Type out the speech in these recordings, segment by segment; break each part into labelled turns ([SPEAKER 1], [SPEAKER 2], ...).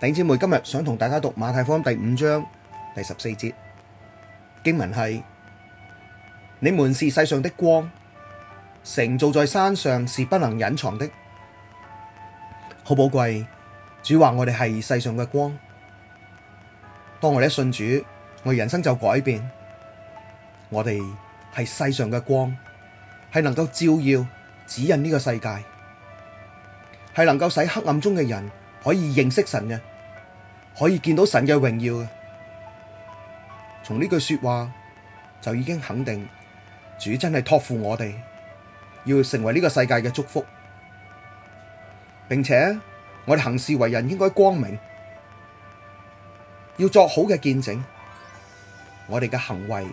[SPEAKER 1] 弟兄姊妹，今日想同大家讀《馬太福音》第五章第十四節，經文係：你們是世上的光，城造在山上，是不能隱藏的。好寶貴，主話我哋係世上嘅光。當我哋一信主，我哋人生就改變。我哋係世上嘅光，係能夠照耀指引呢個世界，係能夠使黑暗中嘅人可以認識神嘅。可以見到神嘅榮耀嘅。從呢句說話就已經肯定主真係託付我哋要成為呢個世界嘅祝福，並且我哋行事為人應該光明，要作好嘅見證。我哋嘅行為、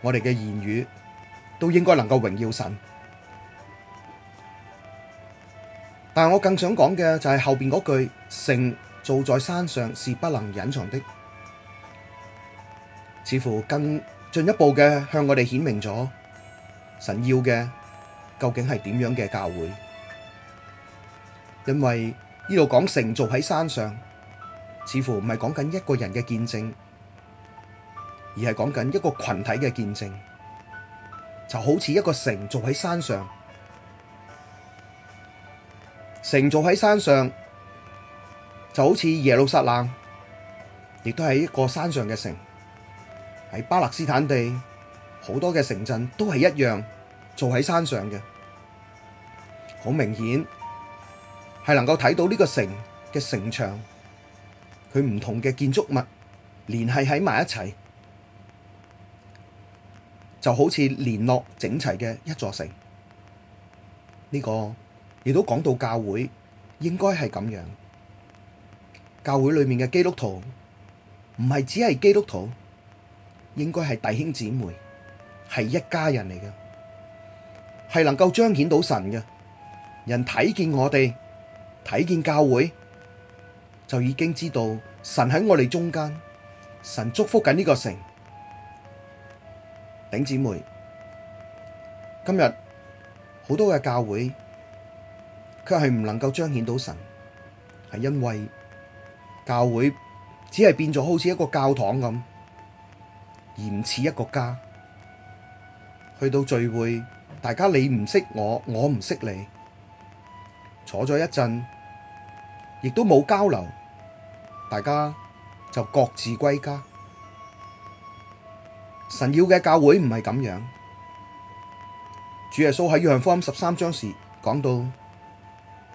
[SPEAKER 1] 我哋嘅言語都應該能夠榮耀神。但係我更想講嘅就係後邊嗰句聖，造在山上，是不能隱藏的，似乎更進一步嘅向我哋顯明咗神要嘅究竟係點樣嘅教會。因為呢度講城造喺山上，似乎唔係講緊一個人嘅見證，而係講緊一個群體嘅見證。就好似一個城造喺山上，城造喺山上。就好似耶路撒冷，亦都係一個山上嘅城，喺巴勒斯坦地，好多嘅城鎮都係一樣，做喺山上嘅。好明顯，係能夠睇到呢個城嘅城牆，佢唔同嘅建築物，聯繫喺埋一齊，就好似聯絡整齊嘅一座城。呢個，亦都講到教會，應該係咁樣。教會裏面嘅基督徒唔係只係基督徒，應該係弟兄姊妹，係一家人嚟嘅，係能夠彰顯到神嘅。人睇見我哋，睇見教會，就已經知道神喺我哋中間，神祝福緊呢個城。頂姊妹，今日好多嘅教會，佢係唔能夠彰顯到神，係因為。教會只係變咗好似一個教堂咁，而唔似一個家。去到聚會，大家你唔識我，我唔識你，坐咗一陣，亦都冇交流，大家就各自歸家。神要嘅教會唔係咁樣。主耶穌喺約翰福音十三章時講到。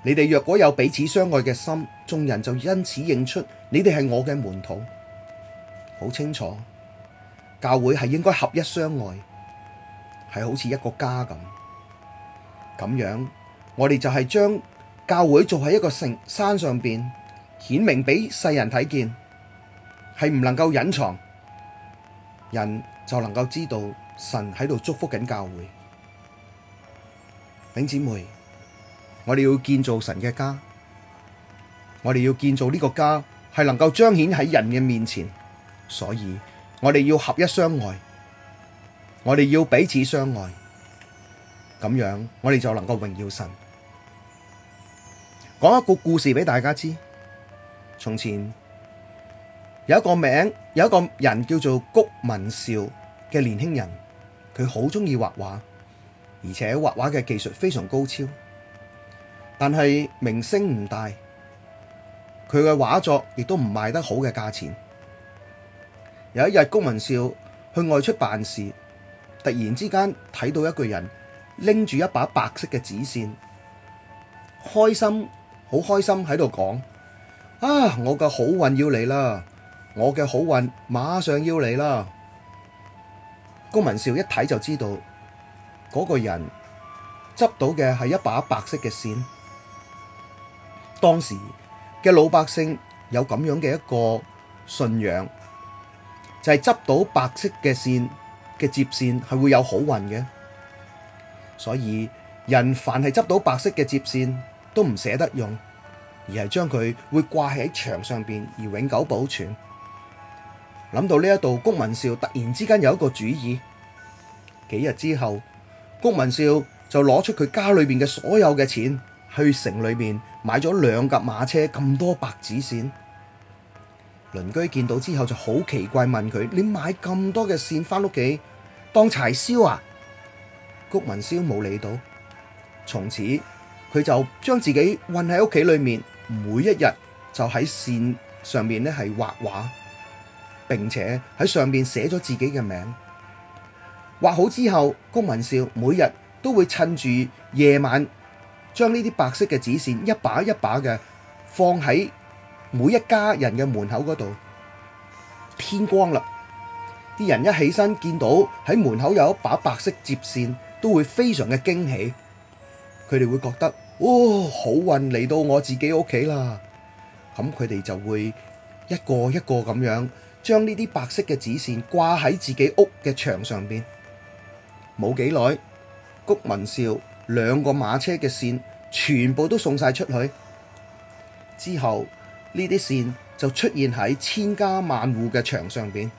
[SPEAKER 1] 你哋若果有彼此相愛嘅心，眾人就因此認出你哋係我嘅門徒。好清楚。教會係應該合一相愛，係好似一個家咁咁樣，樣。我哋就係將教會做喺一個城山上邊，顯明畀世人睇見，係唔能夠隱藏，人就能夠知道神喺度祝福緊教會。弟兄姊妹。我哋要建造神嘅家，我哋要建造呢個家係能夠彰顯喺人嘅面前，所以我哋要合一相愛，我哋要彼此相愛，咁樣我哋就能夠榮耀神。講一個故事俾大家知，從前有一個名有一個人叫做谷文少嘅年輕人，佢好鍾意畫畫，而且畫畫嘅技術非常高超。但係名聲唔大，佢嘅畫作亦都唔賣得好嘅價錢。有一日，高文少去外出辦事，突然之間睇到一個人拎住一把白色嘅紙扇，開心，好開心喺度講，啊，我嘅好運要嚟啦！我嘅好運馬上要嚟啦！高文少一睇就知道，嗰個人執到嘅係一把白色嘅扇。當時嘅老百姓有咁樣嘅一個信仰，就係執到白色嘅線嘅接線係會有好運嘅，所以人凡係執到白色嘅接線都唔捨得用，而係將佢會掛喺牆上邊而永久保存。諗到呢一度，谷文少突然之間有一個主意，幾日之後，谷文少就攞出佢家裏邊嘅所有嘅錢去城裏面。買咗兩架馬車咁多白紙扇，鄰居見到之後就好奇怪，問佢：你買咁多嘅扇返屋企當柴燒啊？谷文蕭冇理到，從此佢就將自己困喺屋企裏面，每一日就喺扇上面咧係畫畫，並且喺上面寫咗自己嘅名。畫好之後，谷文少每日都會趁住夜晚。將呢啲白色嘅紙線一把一把嘅放喺每一家人嘅門口嗰度，天光啦，啲人一起身見到喺門口有一把白色接線，都會非常嘅驚喜。佢哋會覺得，哦，好運嚟到我自己屋企啦！咁佢哋就會一個一個咁樣將呢啲白色嘅紙線掛喺自己屋嘅牆上邊。冇幾耐，谷文少兩個馬車嘅線。全部都送晒出去之後，呢啲線就出現喺千家萬戶嘅牆上邊，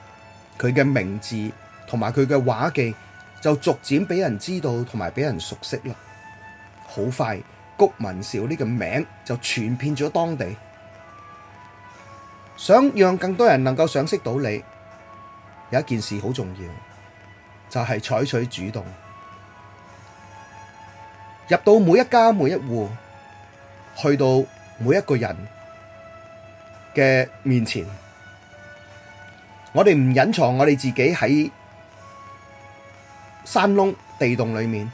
[SPEAKER 1] 佢嘅名字同埋佢嘅畫技就逐漸俾人知道同埋俾人熟悉啦。好快，谷文紹呢個名就傳遍咗當地。想讓更多人能夠賞識到你，有一件事好重要，就係、是、採取主動。入到每一家每一戶，去到每一個人嘅面前，我哋唔隱藏我哋自己喺山窿地洞裏面。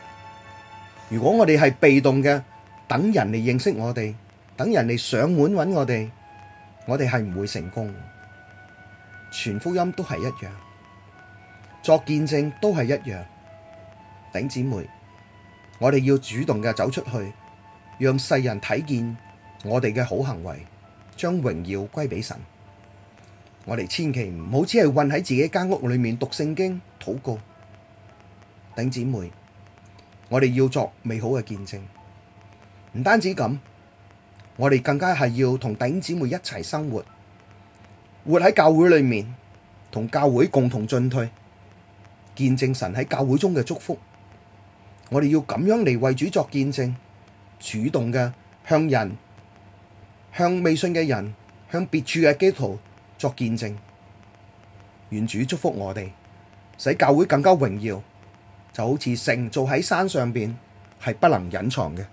[SPEAKER 1] 如果我哋係被動嘅，等人嚟認識我哋，等人嚟上門揾我哋，我哋係唔會成功。傳福音都係一樣，作見證都係一樣，頂姊妹。我哋要主動嘅走出去，讓世人睇見我哋嘅好行為，將榮耀歸俾神。我哋千祈唔好只係困喺自己間屋裏面讀聖經、禱告。頂姊妹，我哋要作美好嘅見證。唔單止咁，我哋更加係要同頂姊妹一齊生活，活喺教會裏面，同教會共同進退，見證神喺教會中嘅祝福。我哋要咁樣嚟為主作見證，主動嘅向人、向未信嘅人、向別處嘅基督徒作見證。願主祝福我哋，使教會更加榮耀，就好似城造喺山上邊，係不能隱藏嘅。